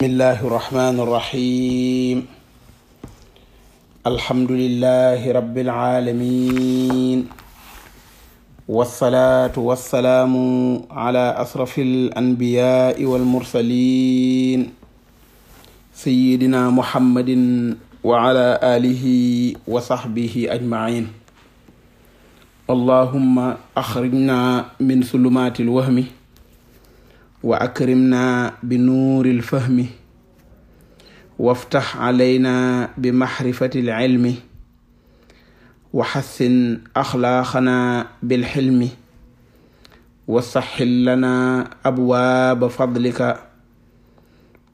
بسم الله الرحمن الرحيم الحمد لله رب العالمين والصلاة والسلام على أشرف الأنبياء والمرسلين سيدنا محمد وعلى آله وصحبه أجمعين اللهم أخرجنا من سلمات الوهم wa akrimna bi nuuril fahmi waftax calayna bi maxrifati lcilmi wa xassin axlaaqana bilxilmi wa saxil lana abwaaba fadlika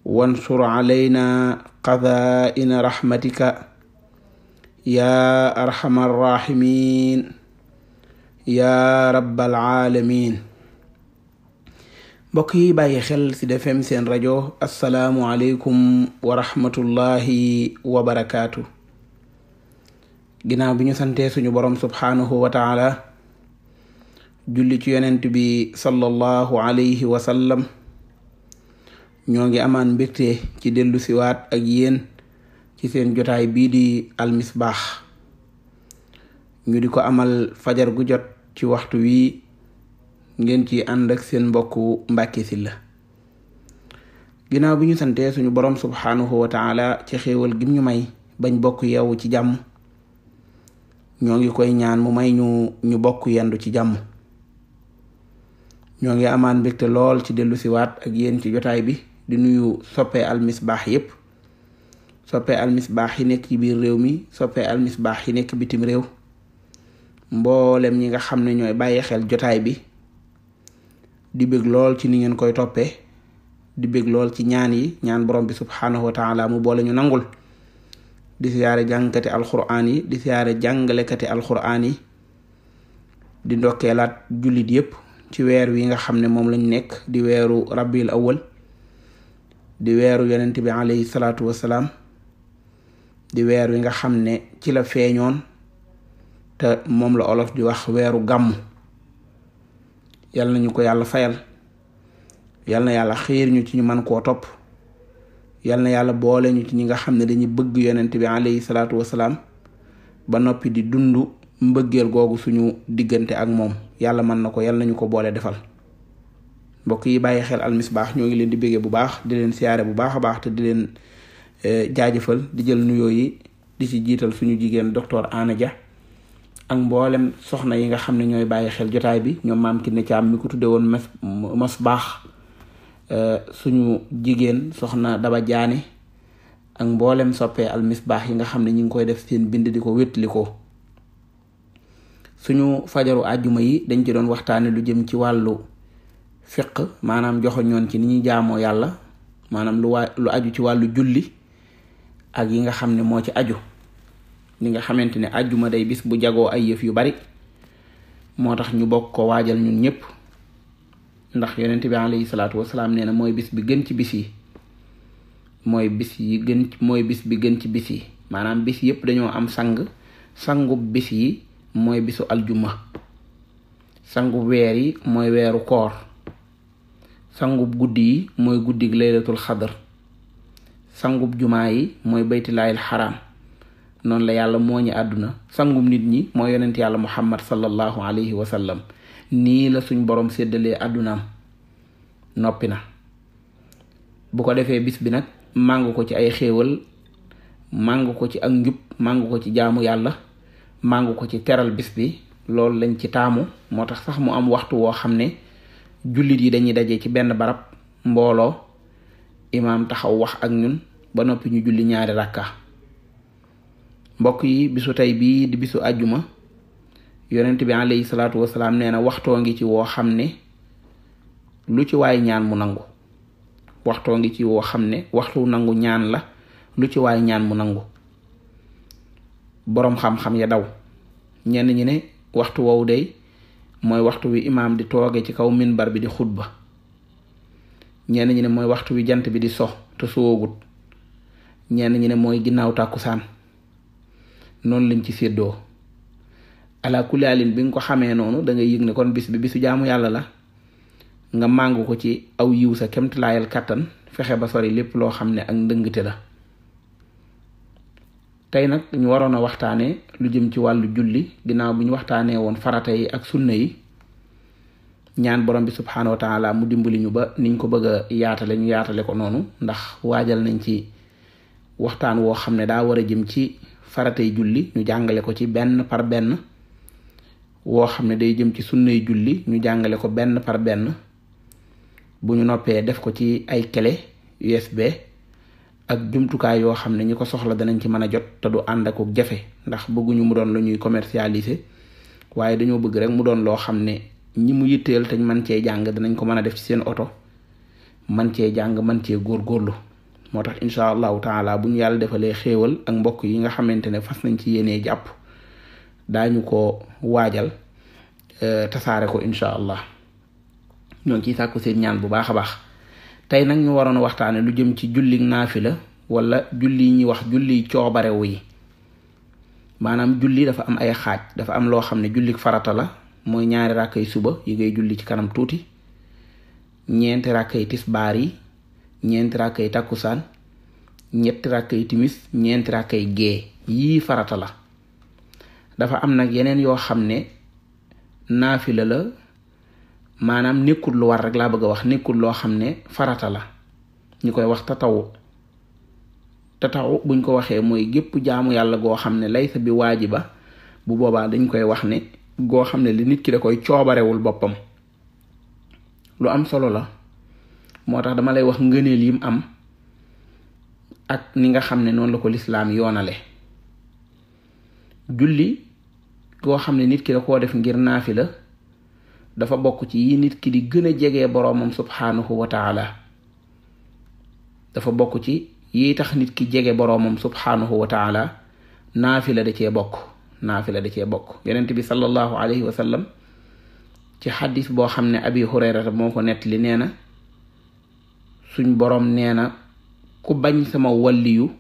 wansur calayna qadaa'ina raxmatika yaa arxama arraximin yaa rabbal caalamiin mbokk yi bàyyi xel ci Sud FM seen rajo asalaamualeykum wa rahmatullahi wa barakaatu. ginnaaw bi ñu santee suñu borom subhaanahu wa taala julli ci yonent bi sallallahu alayhi wasalam sallam ñoo ngi amaan mbégte ci dellu siwaat ak yéen ci seen jotaay bii di almisbaax ñu di ko amal fajar gu jot ci waxtu wi ngeen ci ànd seen mbokku Mbàkke Sylla ginnaaw bi ñu santee suñu borom subhaanahu wa taala ci xéewal gim ñu may bañ bokk yeewu ci jàmm ñoo ngi koy ñaan mu may ñu ñu bokk yendu ci jàmm ñoo ngi amaan mbégte lool ci dellu siwaat ak yéen ci jotaay bi di nuyu soppe almisbaax yépp soppe almisbaax yi nekk ci biir réew mi soppe almisbaax yi nekk bitim réew mboolem ñi nga xam ne ñooy bàyyi xel jotaay bi di bég lool ci ni ngeen koy toppee di bég lool ci ñaan yi ñaan borom bi subhaanahu wa taala mu boole ñu nangul di siyaare jàngkati alxuraan yi di siyaare jàngalekati alxuraan yi di ndokkeelaat jullit yépp ci weer wi nga xam ne moom lañ nekk di weeru rabbil awal di weeru yonent bi alayhi salaatu wasalaam di weer wi nga xam ne ci la feeñoon te moom la olof di wax weeru gàmm yal na ñu ko yàlla fayal yal na yàlla xiir ñu ci ñu man koo topp yal na yàlla boole ñu ci ñi nga xam ne dañuy bëgg yonent bi alayhi salaatu wasalaam ba noppi di dund mbëggeel googu suñu diggante ak moom yàlla mën na ko yal nañu ko boole defal mbokk yi bàyyi xel baax ñoo ngi leen di béggee bu baax di leen siyaare bu baax a baax te di leen eh, jaajëfal di jël nuyoo yi di ci jiital suñu jigéen docteur Ana ja ak mboolem soxna yi nga xam ne ñooy bàyyi xel jotaay bi ñoom maam ki ne caam mi ko tudde woon mes mos baax euh, suñu jigéen soxna daba jaane ak mboolem soppee almisbaax yi nga xam ne ñu ngi koy def seen bind di ko wétli ko suñu fajaru àjjuma yi dañ ci doon waxtaane lu jëm ci wàllu fiq maanaam joxoñoon ci ni ñuy jaamoo yàlla maanaam lu waa ci wàllu julli ak yi nga xam ne moo ci aju li nga xamante ne àjjuma day bis bu jagoo ay yëf yu bari moo tax ñu bokk ko waajal ñun ñëpp ndax yonent bi alayhi salaatu wasalaam nee na mooy bis bi gën ci bis yi mooy bis yi gën mooy bis bi gën ci bis yi maanaam bis yëpp dañoo am sang sangu bis yi mooy bisu aljuma sangu weer yi mooy weeru koor sangub guddi yi mooy guddi laylatul xadar sangub jumaa yi mooy baytilaayil xaraam noonu la yàlla moo ñu àdduna sangum nit ñi moo yonent yàlla muhammad sallallahu alayhi wa sallam nii la suñ boroom séddalee àddunaam noppi na bu ko defee bis bi nag màng ko ci ay xéewal màng ko ci ak njub màng ko ci jaamu yàlla màng ko ci teral bis bi loolu lañ ci taamu moo tax sax mu am waxtu woo xam ne jullit yi dañuy daje ci benn barab mbooloo imaam taxaw wax ak ñun ba noppi ñu julli ñaari rakka mbokk yi bisu tey bii di bisu àjjuma yonent bi alayhi salaatu wasalaam nee na waxtoo ngi ci woo xam ne lu ci waay ñaan mu nangu waxtoo ngi ci woo xam ne waxtu nangu ñaan la lu ci waay ñaan mu nangu boroom xam-xam ya daw ñenn ñi ne waxtu wow day mooy waxtu wi imaam di tooge ci kaw minbar bi di xutba ñenn ñi ne mooy waxtu wi jant bi di sox te soogut ñenn ñi ne mooy ginnaaw saan noonu lañ ci séddoo ala kulaalin bi nga ko xamee noonu dangay ngay yëg ne kon bis bi bisu jaamu yàlla la nga màngu ko ci aw yiw sa kemtalaayal kàttan fexe ba sori lépp loo xam ne ak ndëngte la tey nag ñu waroon a waxtaanee lu jëm ci wàllu julli ginnaaw bi ñu waxtaanee woon farata yi ak sunna yi ñaan borom bi subhaanahu wa taala mu dimbali ñu ba niñ ko bëgg yaatale ñu yaatale ko noonu ndax waajal nañ ci waxtaan woo xam ne daa war jëm ci faratay julli ñu jàngale ko ci benn par benn woo xam ne day jëm ci sunnay julli ñu jàngale ko benn par benn bu ñu noppee def ko ci ay kele USB ak jumtukaay yoo xam ne ñi ko soxla danañ ci mën a jot te du ànd ak jafe ndax bëgguñu mu doon lu ñuy commercialiser waaye dañoo bëgg rek mu doon loo xam ne ñi mu yitteel te ñu mën cee jàng danañ ko mën a def ci seen oto mën cee jàng mën cee góorlu moo tax incha allahu taala bu ñu yàlla defalee xéewal ak mbokk yi nga xamante ne fas nañ ci yéenee jàpp daañu ko waajal euh, tasaare ko incha allah ñoo ngi ciy sàkku seen ñaan bu baax a baax tey nag ñu waroon waxtaane lu jëm ci julli la wala julli ñuy wax julli coobarewu yi maanaam julli dafa am ay xaaj dafa am loo xam ne julli farata la mooy ñaari ràkkay suba yi ngay julli ci kanam tuuti ñeenti ràkkay tisbaar yi ñeenti rakk yi takkusaan ñetti rakk yi timis ñeenti rakk yi gée yii farata la dafa am nag yeneen yoo xam ne naafila la la maanaam nekkut lu war rek laa bëgg a wax nekkul loo xam ne farata la ñu koy wax tatawu tatawu buñ ko waxee mooy gépp jaamu yàlla goo xam ne laysa bi waajiba bu boobaa dañ koy wax ne goo xam ne li nit ki da koy coobarewul boppam lu am solo la moo tax dama lay wax ngëneel yim am ak ni nga xam ne noonu la ko lislaam yoonale julli koo xam ne nit ki la koo def ngir naafi la dafa bokk ci yi nit ki di gën a jege boroomam subhaanahu wa taala dafa bokk ci yi tax nit ki jege boroomam subhaanahu wa taala naafi la da cee bokk naafi la da cee bokk yonent bi sallallahu alayhi wa ci xadis boo xam ne abi hurayrata moo ko nettali nee na suñ borom nee na ku bañ sama walliyu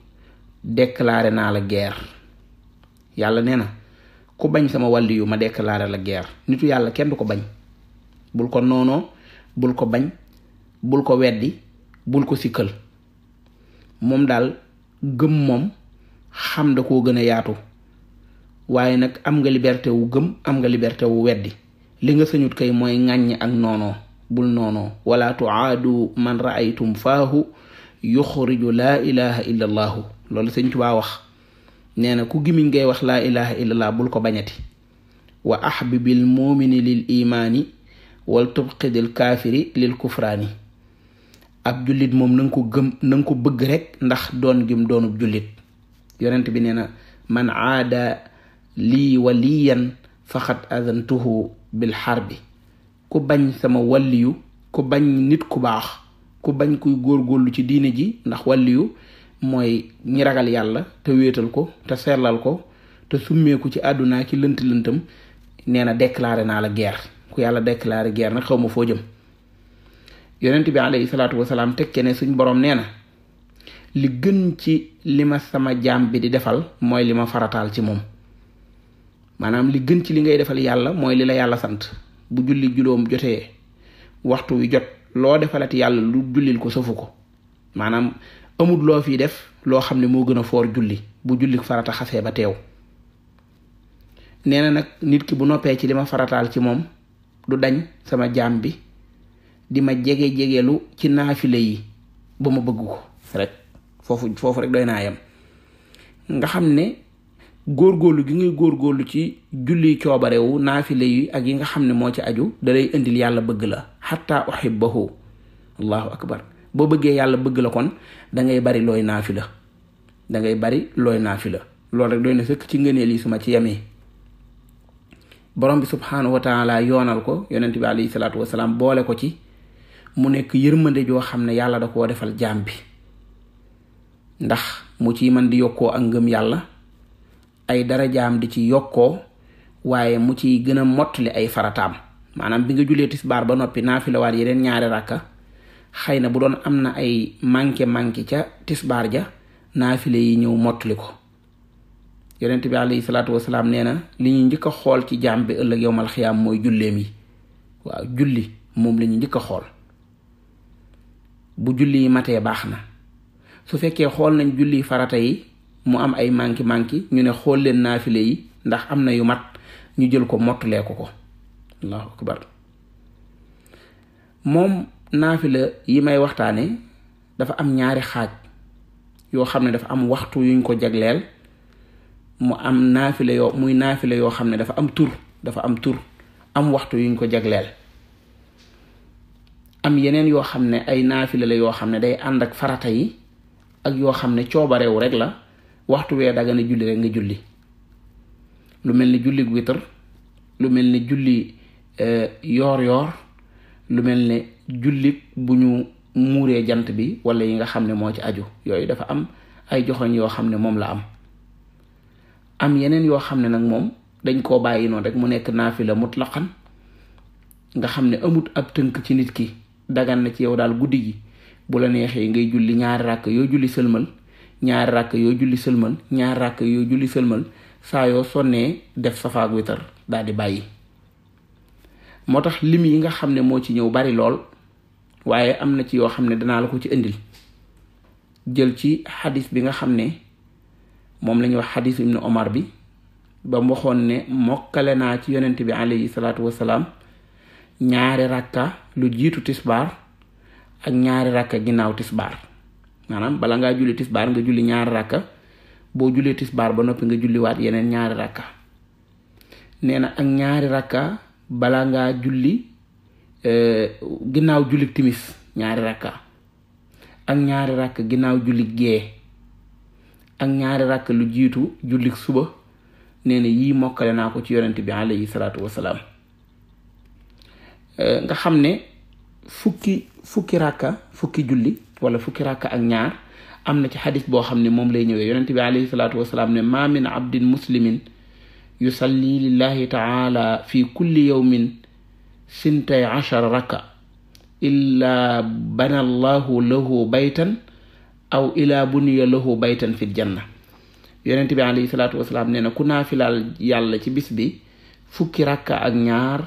déclaré naa la guerre yàlla nee na ku bañ sama walliyu ma déclaré la guerre nitu yàlla kenn du ko bañ bul ko noonoo bul ko bañ bul ko weddi bul ko sikkal moom daal gëm moom xam da koo gën a yaatu waaye nag am nga liberté wu gëm am nga liberté weddi li nga sañut kay mooy ŋàññ ak noonoo bul noono wala tuaadu man raaytum faahu yuxriju laa ilaha illa allaahu na ku gimiñ ngay wax laa ilaha illallah bul ko bañati wa ahbibil muumini lil imaani wal tubqidil kaafiri lil kufraani ab jullit moom na ko bëgg rek ndax doon gim doonub jullit yonent bi nee na man aada lii waliyan faqad adantuhu bil xarbi ku bañ sama walliyu ku bañ nit ku baax ku bañ kuy góor góorgóorlu ci diine ji ndax walliyu mooy ñi ragal yàlla te wéetal ko te sellal ko te summeeku ci àddunaa ki lënt lëntam nee na déclaré naa la geer ku yàlla déclaré geer na xaw ma foo jëm yonent bi alayhi salaatu wasalaam tekke ne suñ borom nee na li gën ci li ma sama jaam bi di defal mooy li ma farataal ci moom maanaam li gën ci li ngay defal yàlla mooy li la yàlla sant bu julli juróom jotee waxtu wi jot loo defalati yàlla lu jullil ko safu ko maanaam amul loo fii def loo xam ne moo gën a foor julli bu julli farata xasee ba teew nee na nag nit ki bu noppee ci li ma farataal ci moom du dañ sama jaam bi di ma jege jegelu ci naafile yi ba ma bëgg ko rek foofu foofu rek doy naa yem nga xam ne góor góorlu gi ngay góorgóorlu ci julli coobarewu naafile yi ak yi nga xam ne moo ci aju dalay indil yàlla bëgg la xatta uhibbahu allahu akbar boo bëggee yàlla bëgg la kon dangay bari looy naafila dangay bari looy naafila loolu rek doo na ci ngëneel lii suma ci yamee borom bi subhaanahu wa yoonal ko yonent bi alayhi salaatu wasalaam boole ko ci mu nekk yërmande joo xam ne yàlla da koo defal jaam bi ndax mu ci man di yokkoo ak ngëm yàlla ay jaam di ci yokkoo waaye mu ciy gën a mottali ay farataam maanaam bi nga julee tisbaar ba noppi naafila waat yeneen ñaari rakka xëy na bu doon am na ay manqué manqué ca tisbaar ja naafile yi ñëw mottali ko yonent bi alayhi salaatu wasalaam nee na li ñu njëkk xool ci jaam bi ëllëg yowmal xiyaam mooy julleem yi waaw julli moom la ñu njëkk xool bu julli yi matee baax na su fekkee xool nañ julli farata yi mu am ay manki manki ñu ne xool leen naafile yi ndax am na yu mat ñu jël ko mottulee ko ko allahu akbar moom naafila yi may waxtaane dafa am ñaari xaaj yoo xam ne dafa am waxtu yuñ ko jagleel mu am naafila muy naafila yoo xam ne dafa am tur dafa am tur am waxtu yuñ ko jagleel am yeneen yoo xam ne ay naafila la yoo xam ne day ànd ak farata yi ak yoo xam ne coobarewu rek la waxtu wee dagana julli rek nga julli lu mel ni julli witr lu mel ni julli e, yoor yoor lu mel ne julli bu ñu muuree jant bi wala yi nga xam ne moo ci aju yooyu dafa am ay joxoñ yoo xam ne moom la am am yeneen yoo xam ne nag moom dañ koo bàyyi noonu rek mu nekk la naafila mutlaqan nga xam ne amut ab tënk ci nit ki dagan na ci yow daal guddi gi bu la neexee ngay julli ñaari ràkk yoo julli sëlmal ñaari ràkk yoo julli sëlmal ñaari ràkk yoo julli sëlmal saa yoo sonnee def safaak witar daal di bàyyi moo tax lim yi nga xam ne moo ci ñëw bari lool waaye am na ci yoo xam ne danaa la ko ci indil jël ci xadis bi nga xam ne moom lañuy ñuy wax xadis omar bi ba mu waxoon ne mokkale naa ci yonent bi alayhi salaatu wasalaam ñaari ràkka lu jiitu tisbaar ak ñaari ràkka ginnaaw tisbaar maanaam bala ngaa julli tisbaar nga julli ñaari rakka boo jullee tisbaar ba noppi nga julliwaat yeneen ñaari rakka nee na ak ñaari rakka bala ngaa julli eh, ginnaaw julli timis ñaari rakka ak ñaari rakk ginnaaw julli gee ak ñaari rakk lu jiitu julli suba nee yii mokkale naa ko ci yonent bi alayhi salaatu wasalaam eh, nga xam ne fukki fukki rakka fukki julli wala fukki rakk ak ñaar am na ci xadis boo xam ne moom lay ñëwee yonent bi alayhi salaatu wasalaam ne ma min abdin muslimin yusalli lillahi taala fi kulli yawmin sintay achara rakka illa bana allahu lahu baytan aw ila buniya lahu baytan fi janna yonent bi alayhi salaatu wasalaam nee na ku naafilaal yàlla ci bis bi fukki rakka ak ñaar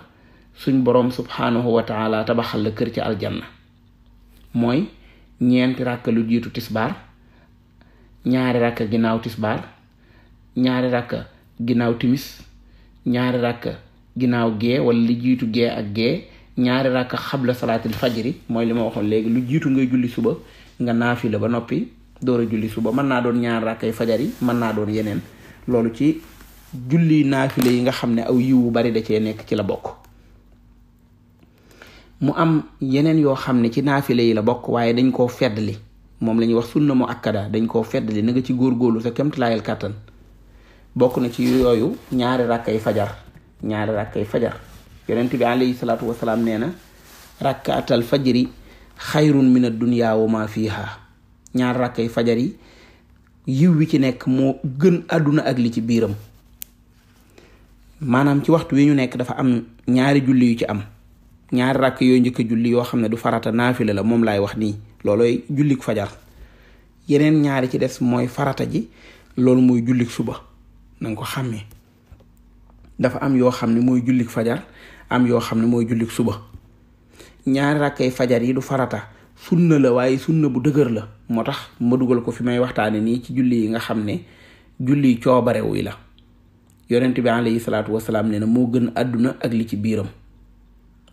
suñ boroom subhaanahu wa taala tabaxal la ci aljanna ñeenti rakk lu jiitu tisbaar ñaari rakk ginnaaw tisbaar ñaari rakk ginnaaw timis ñaari rakk ginnaaw gee wala li jiitu gee ak gee ñaari rakk la salaatil fajri mooy li ma waxoon léegi lu jiitu ngay julli suba nga naafila ba noppi door a julli suba mën naa doon ñaari rakkay fajar yi mën naa doon yeneen loolu ci julli naafila yi nga xam ne aw yiwu bari da cee nekk ci la bokk mu am yeneen yoo xam ne ci naafile yi la bokk waaye dañ koo feddli moom la ñuy wax na mu akkada dañ koo feddli na nga ci góorgóorlu sa kéemtalaayal kàttan bokk na ci yooyu ñaari rakkay fajar ñaari rakkay fajar yonent bi alayhi salaatu wasalaam nee na rakkaatal fajri xayrun min ad-dunya wa ma fiha ñaari rakkay fajar yi yiw wi ci nekk moo gën àdduna ak li ci biiram maanaam ci waxtu wi ñu nekk dafa am ñaari julli yu ci am ñaari ràkk yooyu njëkk julli yoo xam ne du farata naafila la moom laay wax nii loolooy jullik fajar yeneen ñaari ci des mooy farata ji loolu mooy jullik suba na nga ko dafa am yoo xam ne mooy jullik fajar am yoo xam ne mooy jullik suba ñaari rakkay fajar yi du farata sunna la waaye sunna bu dëgër la moo tax ma dugal ko fi may waxtaane nii ci julli yi nga xam ne julli coobarewu yi la yonent bi alayhi salaatu wasalaam nee na moo gën àdduna ak li ci biiram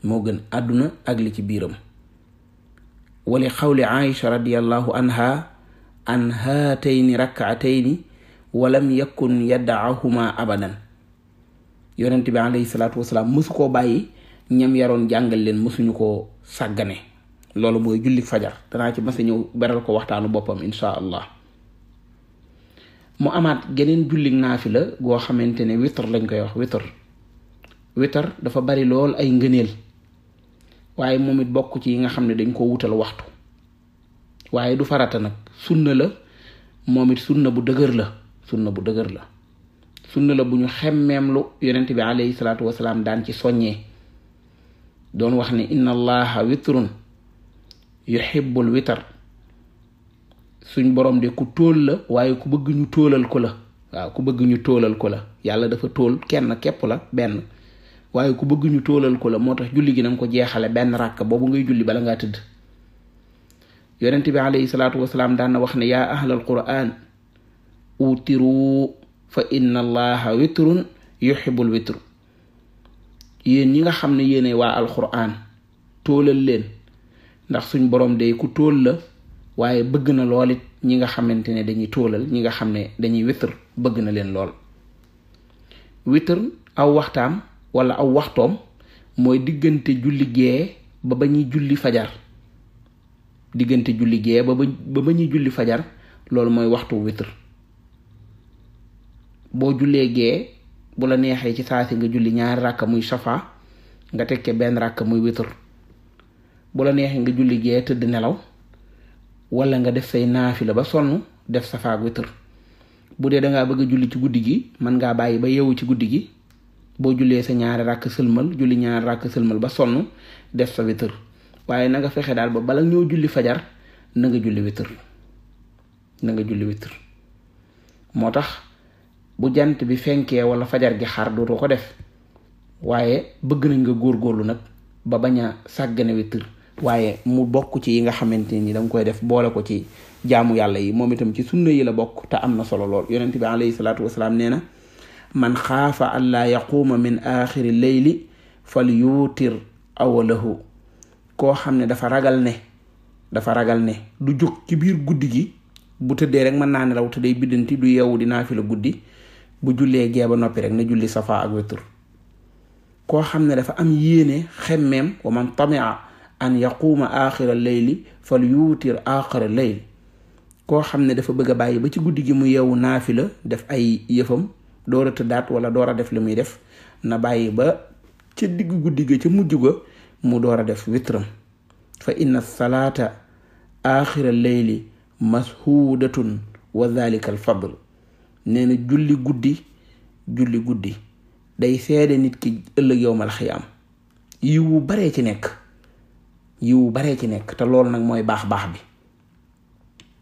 moo gën àdduna ak li ci biiram wali xawli aïcha radiallahu anha an haatayni rakaatayni walam yakun yadaahuma abadan yonent bi alayhi salaatu wasalaam mësu koo bàyyi ñam yaroon jàngal leen mësuñu koo sàggane loolu mooy julli fajar danaa ci mas a ñëw beral ko waxtaanu boppam insha allah mu amaat geneen julli naafila goo xamante ne witr lañ koy wax witr witr dafa bari lool ay ngëneel waaye moom it bokk ci yi nga xam ne dañ koo wutal waxtu waaye du farata nag sunna la moom it sunna bu dëgër la sunna bu dëgër la sunna la bu ñu xemmeem lu yonent bi alayhi salaatu wasalaam daan ci soññee doon wax ne inna allaha witrun yuhibbul witar suñ borom de ku tóol la waaye ku bëgg ñu tóolal ko la waaw ku bëgg ñu tóolal ko la yàlla dafa tóol kenn képp la benn waaye ku bëgguñu ñu tóolal ko la moo tax julli gi na nga ko jeexale benn ràkk boobu ngay julli bala ngaa tëdd yonent bi alayhi salaatu wasalaam daan na wax ne yaa ahlal quraan utiru fa inna allaha witrun yéen ñi nga xam ne yéene waa alquraan tóolal leen ndax suñ borom day ku tóol la waaye bëgg na lool it ñi nga xamante ne dañuy tóolal ñi nga xam ne dañuy witr bëgg na leen lool witr aw waxtaam wala aw waxtoom mooy diggante julli gee ba ba ñuy julli fajar diggante julli gee ba ba ba ñuy julli fajar loolu mooy waxtu witr boo jullee gee bu la neexee ci saasi nga julli ñaari ràkk muy safa nga tekke benn ràkk muy witr bu la neexee nga julli gee tëdd nelaw wala nga def say naafi la ba sonn def safa ak witr bu dee dangaa bëgg julli ci guddi gi mën ngaa bàyyi ba yeewu ci guddi gi boo julee sa ñaari ràkk sëlmal julli ñaari ràkk sëlmal ba sonn def sa witr waaye nanga fexe daal ba bala ñoo julli fajar na nga julli witr na nga moo tax bu jant bi fenkee wala fajar gi xaar dootoo ko def waaye bëgg nañ nga góorlu nag ba bañ a sàggane witr waaye mu bokk ci yi nga xamante nii da koy def boole ko ci jaamu yàlla yi moom itam ci sunna yi la bokk te am na solo lool yonent bi alayhi salaatu wasalaam nee na man xaafa an laa yaquuma min axiri leyli fal yuutir awalahu koo xam ne dafa ragal ne dafa ragal ne du jóg ci biir guddi gi bu tëddee rek mën naa ne raw te day biddanti du yeewu di naafila guddi bu jullee gee ba noppi rek na julli safa ak witr koo xam ne dafa am yéene xemmeem wa man tamia an yaquuma axira leyli fal yuutir axira leyli koo xam ne dafa bëgg bàyyi ba ci guddi gi mu yeewu naafila def ay yëfam door a tëddaat wala door a def li muy def na bàyyi ba ca diggu guddi ga ca mujj ga mu door a def witram fa inna salaata axira leyli mashuudatun wa dalika al fadl julli guddi guddi day seede nit ki ëllëg yowmal xiyaam yiwu baree ci nekk yiwu baree ci nekk te loolu nag mooy baax baax bi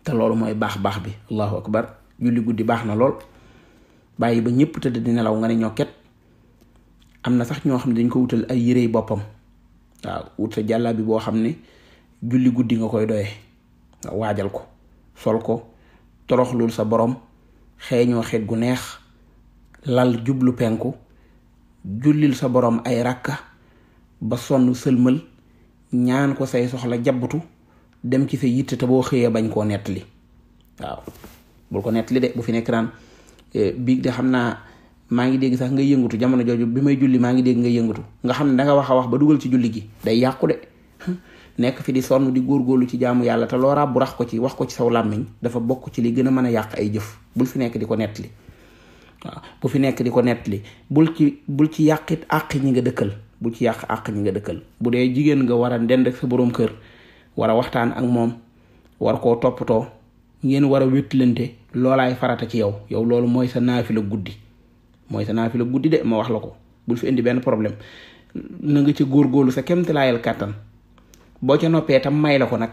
te loolu mooy baax baax bi allahu akbar julli guddi baax na lool bàyyi ba ñëpp tëdd di nelaw nga ne ñoo ket am na sax ñoo xam ne dañ ko wutal ay yërey boppam waaw wut sa jàllaa bi boo xam ne julli guddi nga koy doye waajal ko sol ko toroxlul sa borom xeeñoo xeet gu neex lal jublu penku jullil sa borom ay rakka ba sonn sëlmal ñaan ko say soxla jabbutu dem ci sa yitte te boo xëyee bañ koo nettali waaw bul ko nettali de bu fi nekk bi de xam naa maa ngi dégg sax nga yëngatu jamono jooju bi may julli maa ngi dégg ngay yëngatu nga xam ne danga wax a wax ba dugal ci julli gi day yàqu de nekk fi di sonn di góor góorgóorlu ci jaamu yàlla te loo ràbbu ko ci wax ko ci saw làmmiñ dafa bokk ci li gën a mën a yàq ay jëf bul fi nekk di ko nettali bu fi nekk di ko nettali bul ci bul ci yàqit àq ñi nga dëkkal bul ci yàq àq ñi nga dëkkal bu dee jigéen nga war a dend ak sa boroom kër war a waxtaan ak moom war koo toppatoo ngeen war a wéttalante loolaay farata ci yow yow loolu mooy sa naafila guddi mooy sa la guddi de ma wax la ko bul fi indi benn problème na nga góor góorgóorlu sa kemtilaayal kàttan boo ca noppee tam may la ko nag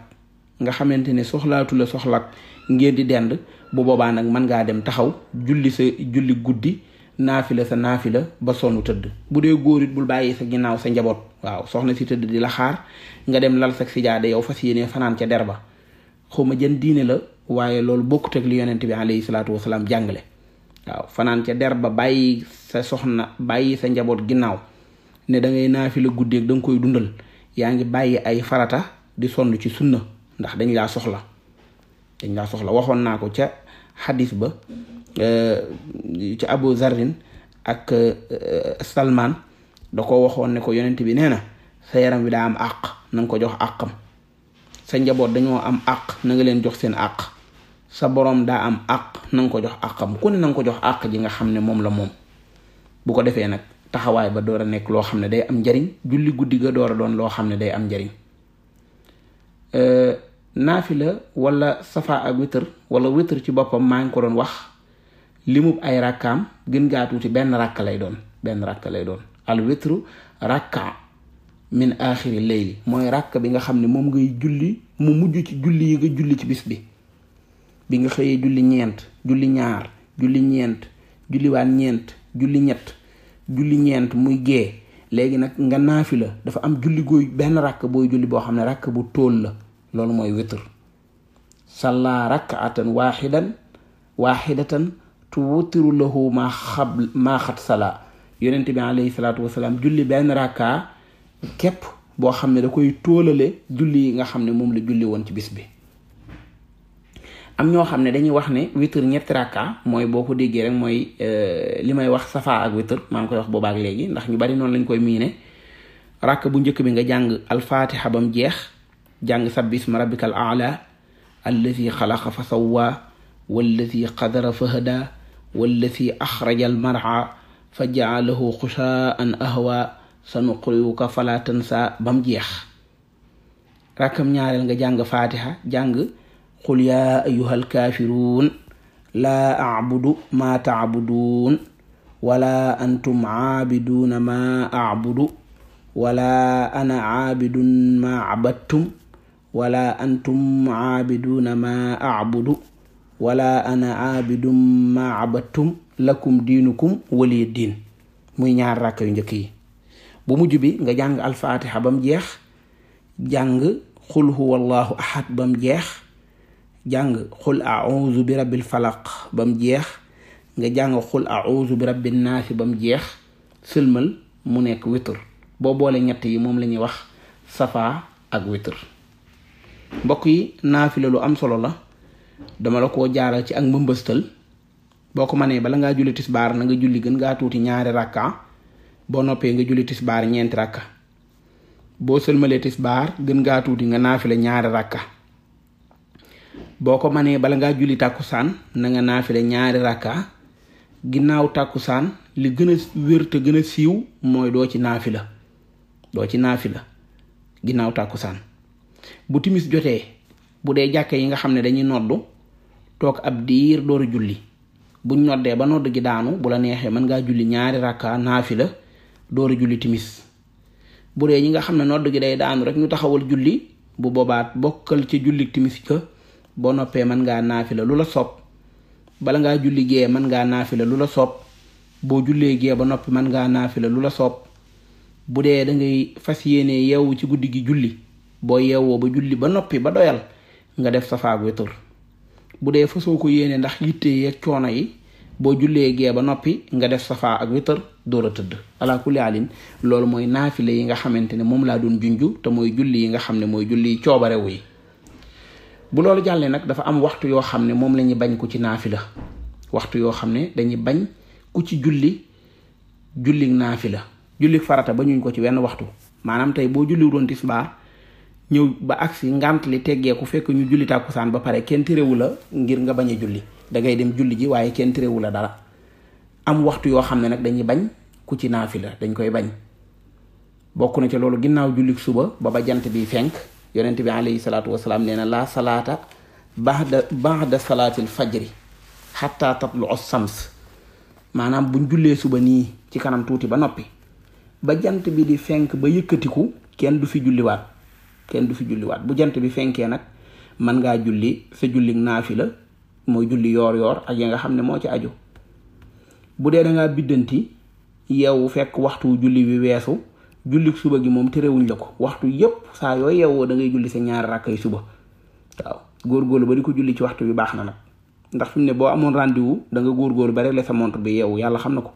nga xamante ne soxlaatu la soxlaat ngeen di dend bu boobaa nag mën ngaa dem taxaw julli sa julli guddi naafi la sa naafi naafila ba sonnu tëdd bu dee góor it bul bàyyi sa ginnaaw sa njaboot waaw soxna si tëdd di la xaar nga dem lal sa sijaade yow fas yéene fanaan ca der ba xaw ma jën diine la waaye loolu bokkut ak li bi alayhi salaatu wasalaam jàngale waaw fanaan ca der ba bàyyi sa soxna bàyyi sa njaboot ginnaaw ne da ngay naafi la guddeeg da koy dundal yaa ngi bàyyi ay farata di sonn ci sunna ndax dañu laa soxla dañ laa soxla waxoon naa ko ca xadis ba eh, ca Abu Zarrin ak eh, Salman da ko waxoon ne ko yonent bi nee na sa yaram wi daa am àq na nga ko jox àqam sa njaboot dañoo am àq na nga leen jox seen àq sa borom daa am àq na nga ko jox àqam ku ne na nga ko jox àq ji nga xam ne moom la moom bu ko defee nag taxawaay ba door a nekk loo xam ne day am njariñ julli guddi ga door a doon loo xam ne day am njariñ euh, naafila wala safa ak witr wala witr ci boppam maa ngi ko doon wax li mu ay rakkaam gën gaa tuuti benn rakk lay doon benn rakk lay doon al witru rakka min aaxiri leyli mooy ràkk bi nga xam ne moom ngay julli mu mujj ci julli yi nga julli ci bis bi bi nga xëyee julli ñeent julli ñaar julli ñeent julliwaat ñeent julli ñett julli ñeent muy gée léegi nag nga naafi la dafa am julli benn rakk booy julli boo xam ne rakk bu tóol la loolu mooy witr salla rakatan waaxidan waaxidatan tu wutiru lahu maa xab maa xat sala yonent bi alayhi salaatu wasalaam julli benn rakka képp boo xam ne da koy tóolale julli yi nga xam ne moom la julli woon ci bis bi am ñoo xam ne dañuy wax ne witr ñetti rakka mooy boo ko déggee rek mooy euh, li may wax safa ak witr maa ngi koy wax boobaak léegi ndax ñu bari noonu lañ koy miine rakk bu njëkk bi nga jàng alfatiha bam jeex jàng sabbisma rabbikal aala allazi xalaqa fa sawwa wallazi qadara fa hada wallazi axraja al mar'a fa bam jeex rakkam ñaareel nga jàng fatiha jàng qul yaa ayuha alkaafiruun laa acbudu maa tacbuduun wala antum caabiduuna maa acbudu wala ana caabidun maa cabadtum wala antum caabiduuna maa acbudu wala ana caabidun maa lakum diinukum waliya diin muy ñaar rakk yu njëkk yi bu mujj bi nga jàng alfaatiha bam jeex jàng qul huwa allahu ahad bam jeex jàng xul auzu bi rabbil falaq ba mu jeex nga jàng xul auzu bi rabbin naasi ba mu jeex sëlmal mu nekk witr boo boole ñett yi moom la ñuy wax safa ak witr mbokk yi naafila lu am solo la dama la koo jaaral ci ak mbëmbëstal boo ko mënee bala ngaa julli tisbaar na nga julli gën ngaa tuuti ñaari rakka boo noppee nga julli tisbaar ñeenti rakka boo sëlmalee tisbaar gën ngaa tuuti nga naafila ñaari rakka boo ko manee bala ngaa julli tàkkusaan na nga naafile ñaari ràkka ginnaaw tàkkusaan li gën a wér gën a siiw mooy doo ci naafi la doo ci naafi la ginnaaw tàkkusaan bu timis jotee bu dee jàkke yi nga xam ne dañuy noddu toog ab diir door a julli buñ noddee ba nodd gi daanu bu la neexee mën ngaa julli ñaari rakka naafila door a julli timis bu dee ñi nga xam ne nodd gi day daanu rek ñu taxawal julli bu boobaat bokkal ci julli timis ka boo noppee man ngaa naafi la lu la sopp bala ngaa julli gee mën ngaa naafila lu la sopp boo jullee gee ba noppi mën ngaa naafila lu la sopp bu dee da ngay fas yéene yeewu ci guddi gi julli boo yeewoo ba julli ba noppi ba doyal nga def safaag witr bu dee fasoo ko yéene ndax yitte yeeg coono yi boo jullee gee ba noppi nga def safa ak witr door a tëdd ala kulli loolu mooy naafile yi nga xamante ne moom laa doon junju te mooy julli yi nga xam ne mooy julli coobarewu yi bu loolu jàllee nag dafa am waxtu yoo xam ne moom lañuy bañ ku ci naafi naafila waxtu yoo xam ne dañuy bañ ku ci julli julli la julli farata ba ñuñ ko ci wenn waxtu maanaam tey boo julli doon tisbaar ñëw ba agsi ngant li teggeeku fekk ñu julli tàkkusaan ba pare kenn terewu la ngir nga bañ a julli dangay dem julli ji waaye kenn terewu la dara am waxtu yoo xam ne nag dañuy bañ ku ci la dañ koy bañ bokk na ca loolu ginnaaw jullik suba ba jant bi fenk yonent bi alayhi salaatu wasalaam nee na laa salaata baxda baxda salaatil fajri xatta tatlu os sams maanaam buñ jullee suba nii ci kanam tuuti ba noppi ba jant bi di fenk ba yëkkatiku kenn du fi julliwaat kenn du fi julliwaat bu jant bi fenkee nag man ngaa julli sa julli naafi la mooy julli ak ya nga xam ne moo ci aju bu dee dangaa biddanti yow fekk waxtu julli wi weesu jullik suba gi moom terewuñ la ko waxtu yépp saa yoo yeewoo da ngay julli sa ñaari ay suba waaw góorlu ba di ko julli ci waxtu bi baax na nag ndax fi mu ne boo amoon rendez-vous da nga góorgóorlu ba régler bi yeewu yàlla xam na ko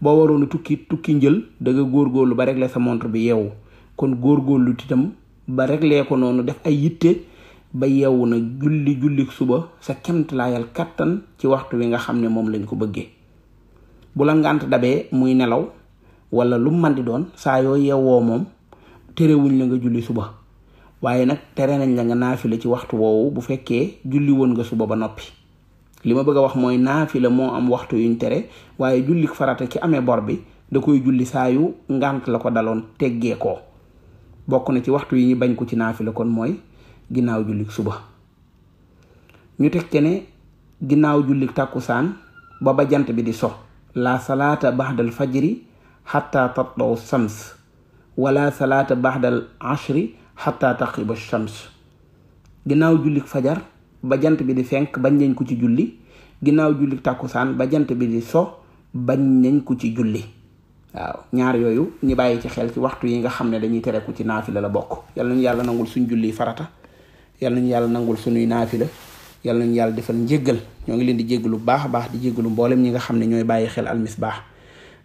boo waroon tukki tukki njël danga góor góorlu ba régler sa montre bi yeewu kon góor góorlu itam ba régler ko noonu def ay yitte ba yeewu na julli jullik suba sa kemtalaayal kàttan ci waxtu wi nga xam ne moom lañ ko bëggee bu la ngànt dabee muy nelaw wala lum man di doon saayoo yoo yeewoo moom terewuñ la nga julli suba waaye nag tere nañ la nga naafila ci waxtu woowu bu fekkee julli woon nga suba ba noppi li ma bëgg a wax mooy naafila moo am waxtu yuñ tere waaye julli farata ki amee bor bi da koy julli saa yu ngant la ko daloon teggee ko bokk na ci waxtu yi ñu bañ ko ci naafila kon mooy ginnaaw julli suba ñu teg ci ne ginnaaw julli tàkkusaan ba ba jant bi di so la salaata baxdal fajri xataa tatlaw shams wala baax baxdal ashri xataa taxiba shams ginnaaw jullik fajar ba jant bi di fenk bañ nañ ko ci julli ginnaaw jullik tàkkusaan ba jant bi di so bañ nañ ko ci julli waaw ñaar yooyu ñu bàyyi ci xel ci waxtu yi nga xam ne dañuy tere ku ci naafila la bokk yal nañu yàlla nangul suñ julli farata yal nañu yàlla nangul suñuy naafila yal nañu yàlla defal njéggal ñoo ngi leen di lu baax baax di jéggalu mboolem ñi nga xam ne ñooy bàyyi xel almisbah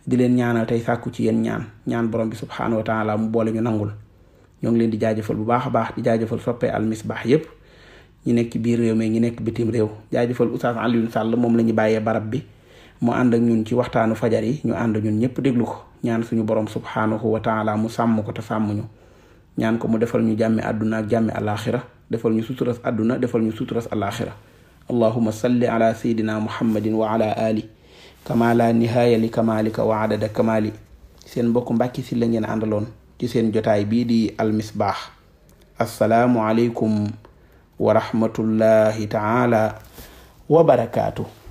di leen ñaanal tey sàkku ci yéen ñaan ñaan borom bi subhaanahu wa taala mu boole ñu nangul ñoo ngi leen di jaajëfal bu baax a baax di jaajëfal soppe Al Misbah yépp ñi nekk ci biir réew mi ñi nekk bitim réew jaajëfal Oustaz Alioune Sall moom la ñu bàyyee barab bi mu ànd ak ñun ci waxtaanu fajar yi ñu ànd ñun ñëpp déglu ko ñaan suñu borom subhaanahu wa taala mu sàmm ko te sàmmuñu ñu ñaan ko mu defal ñu jàmmi àdduna ak jàmmi alaaxira defal ñu suturas adduna defal ñu suturas alaaxira allahuma salli ala sayidina muhammadin wa ala ali kamala nihaaya li kamalika wa adada kamali seen mbokk Mbàkke Sylla ngeen àndaloon ci seen jotaay bii di almisbaax asalaamualeykum wa rahmatullahi taala wa barakaatu